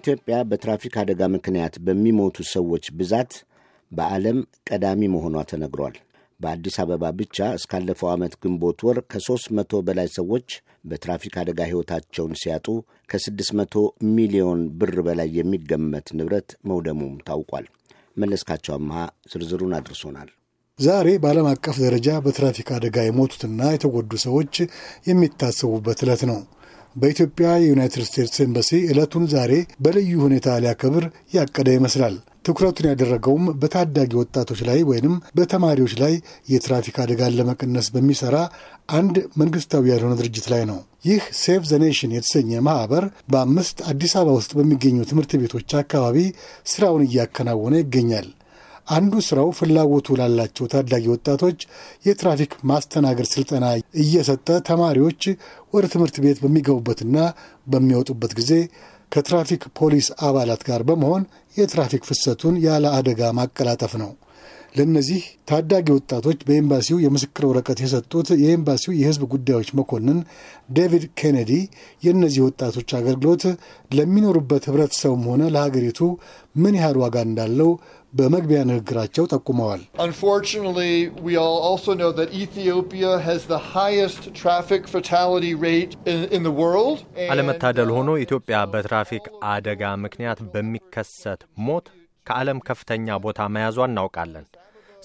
ኢትዮጵያ በትራፊክ አደጋ ምክንያት በሚሞቱ ሰዎች ብዛት በዓለም ቀዳሚ መሆኗ ተነግሯል። በአዲስ አበባ ብቻ እስካለፈው ዓመት ግንቦት ወር ከሦስት መቶ በላይ ሰዎች በትራፊክ አደጋ ሕይወታቸውን ሲያጡ ከስድስት መቶ ሚሊዮን ብር በላይ የሚገመት ንብረት መውደሙም ታውቋል። መለስካቸው አምሃ ዝርዝሩን አድርሶናል። ዛሬ በዓለም አቀፍ ደረጃ በትራፊክ አደጋ የሞቱትና የተጎዱ ሰዎች የሚታሰቡበት ዕለት ነው። በኢትዮጵያ የዩናይትድ ስቴትስ ኤምባሲ ዕለቱን ዛሬ በልዩ ሁኔታ ሊያከብር ያቀደ ይመስላል። ትኩረቱን ያደረገውም በታዳጊ ወጣቶች ላይ ወይንም በተማሪዎች ላይ የትራፊክ አደጋን ለመቀነስ በሚሰራ አንድ መንግስታዊ ያልሆነ ድርጅት ላይ ነው። ይህ ሴቭ ዘ ኔሽን የተሰኘ ማህበር በአምስት አዲስ አበባ ውስጥ በሚገኙ ትምህርት ቤቶች አካባቢ ስራውን እያከናወነ ይገኛል። አንዱ ስራው ፍላጎቱ ላላቸው ታዳጊ ወጣቶች የትራፊክ ማስተናገድ ስልጠና እየሰጠ ተማሪዎች ወደ ትምህርት ቤት በሚገቡበትና በሚወጡበት ጊዜ ከትራፊክ ፖሊስ አባላት ጋር በመሆን የትራፊክ ፍሰቱን ያለ አደጋ ማቀላጠፍ ነው። ለእነዚህ ታዳጊ ወጣቶች በኤምባሲው የምስክር ወረቀት የሰጡት የኤምባሲው የሕዝብ ጉዳዮች መኮንን ዴቪድ ኬኔዲ የእነዚህ ወጣቶች አገልግሎት ለሚኖሩበት ሕብረተሰቡም ሆነ ለሀገሪቱ ምን ያህል ዋጋ እንዳለው በመግቢያ ንግግራቸው ጠቁመዋል። አለመታደል ሆኖ ኢትዮጵያ በትራፊክ አደጋ ምክንያት በሚከሰት ሞት ከዓለም ከፍተኛ ቦታ መያዟ እናውቃለን።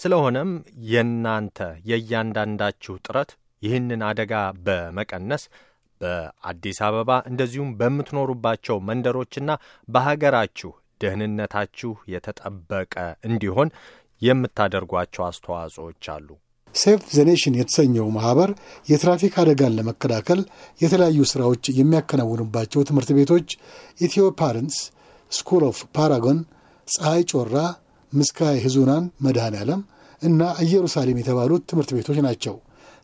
ስለሆነም የእናንተ የእያንዳንዳችሁ ጥረት ይህንን አደጋ በመቀነስ በአዲስ አበባ እንደዚሁም በምትኖሩባቸው መንደሮችና በሀገራችሁ ደህንነታችሁ የተጠበቀ እንዲሆን የምታደርጓቸው አስተዋጽኦች አሉ። ሴፍ ዘኔሽን የተሰኘው ማህበር የትራፊክ አደጋን ለመከላከል የተለያዩ ስራዎች የሚያከናውኑባቸው ትምህርት ቤቶች ኢትዮ ፓረንትስ ስኩል ኦፍ ፓራጎን፣ ፀሐይ ጮራ፣ ምስካየ ህዙናን መድኃኔ ዓለም እና ኢየሩሳሌም የተባሉት ትምህርት ቤቶች ናቸው።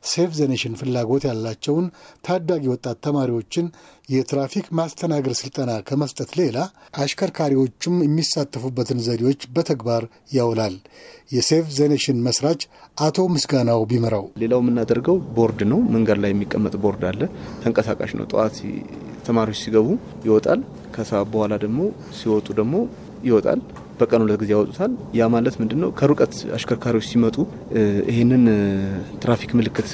ሴቭ ዘኔሽን ፍላጎት ያላቸውን ታዳጊ ወጣት ተማሪዎችን የትራፊክ ማስተናገድ ስልጠና ከመስጠት ሌላ አሽከርካሪዎቹም የሚሳተፉበትን ዘዴዎች በተግባር ያውላል። የሴቭ ዘኔሽን መስራች አቶ ምስጋናው ቢመራው ሌላው የምናደርገው ቦርድ ነው። መንገድ ላይ የሚቀመጥ ቦርድ አለ። ተንቀሳቃሽ ነው። ጠዋት ተማሪዎች ሲገቡ ይወጣል። ከሰዓት በኋላ ደግሞ ሲወጡ ደግሞ ይወጣል። በቀን ሁለት ጊዜ ያወጡታል። ያ ማለት ምንድነው ከሩቀት አሽከርካሪዎች ሲመጡ ይህንን ትራፊክ ምልክት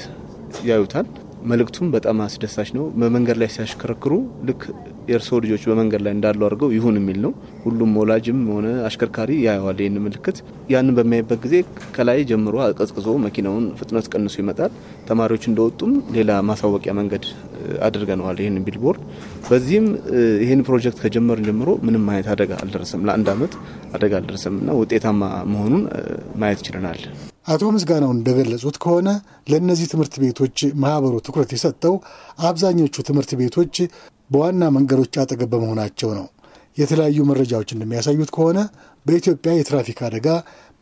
ያዩታል። መልእክቱም በጣም አስደሳች ነው። በመንገድ ላይ ሲያሽከረክሩ ልክ የእርስዎ ልጆች በመንገድ ላይ እንዳሉ አድርገው ይሁን የሚል ነው። ሁሉም ወላጅም ሆነ አሽከርካሪ ያየዋል ይህን ምልክት። ያንን በሚያይበት ጊዜ ከላይ ጀምሮ አቀዝቅዞ መኪናውን ፍጥነት ቀንሶ ይመጣል። ተማሪዎች እንደወጡም ሌላ ማሳወቂያ መንገድ አድርገነዋል ይህን ቢልቦርድ። በዚህም ይህን ፕሮጀክት ከጀመርን ጀምሮ ምንም አይነት አደጋ አልደረሰም፣ ለአንድ ዓመት አደጋ አልደረሰም እና ውጤታማ መሆኑን ማየት ችለናል። አቶ ምስጋናው እንደገለጹት ከሆነ ለእነዚህ ትምህርት ቤቶች ማህበሩ ትኩረት የሰጠው አብዛኞቹ ትምህርት ቤቶች በዋና መንገዶች አጠገብ በመሆናቸው ነው። የተለያዩ መረጃዎች እንደሚያሳዩት ከሆነ በኢትዮጵያ የትራፊክ አደጋ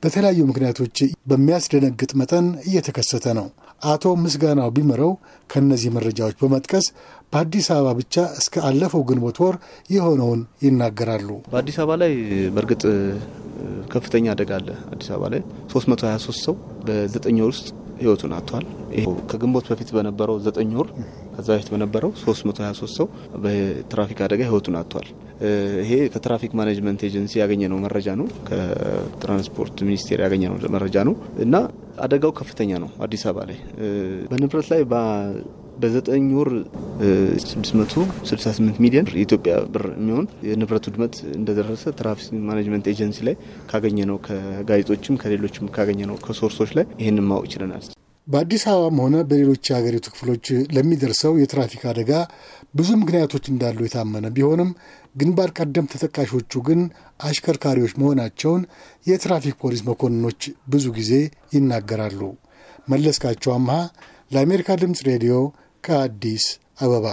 በተለያዩ ምክንያቶች በሚያስደነግጥ መጠን እየተከሰተ ነው። አቶ ምስጋናው ቢመረው ከእነዚህ መረጃዎች በመጥቀስ በአዲስ አበባ ብቻ እስከ አለፈው ግንቦት ወር የሆነውን ይናገራሉ። በአዲስ አበባ ላይ በእርግጥ ከፍተኛ አደጋ አለ። አዲስ አበባ ላይ 323 ሰው በዘጠኝ ወር ውስጥ ህይወቱን አጥቷል። ከግንቦት በፊት በነበረው ዘጠኝ ወር ከዛ በፊት በነበረው 323 ሰው በትራፊክ አደጋ ህይወቱን አጥቷል። ይሄ ከትራፊክ ማኔጅመንት ኤጀንሲ ያገኘነው መረጃ ነው። ከትራንስፖርት ሚኒስቴር ያገኘነው መረጃ ነው እና አደጋው ከፍተኛ ነው አዲስ አበባ ላይ በንብረት ላይ በዘጠኝ ወር 668 ሚሊዮን የኢትዮጵያ ብር የሚሆን የንብረት ውድመት እንደደረሰ ትራፊክ ማኔጅመንት ኤጀንሲ ላይ ካገኘ ነው ከጋዜጦችም ከሌሎችም ካገኘ ነው ከሶርሶች ላይ ይህንን ማወቅ ችለናል። በአዲስ አበባም ሆነ በሌሎች የሀገሪቱ ክፍሎች ለሚደርሰው የትራፊክ አደጋ ብዙ ምክንያቶች እንዳሉ የታመነ ቢሆንም ግንባር ቀደም ተጠቃሾቹ ግን አሽከርካሪዎች መሆናቸውን የትራፊክ ፖሊስ መኮንኖች ብዙ ጊዜ ይናገራሉ። መለስካቸው አምሃ ለአሜሪካ ድምፅ ሬዲዮ ከአዲስ አበባ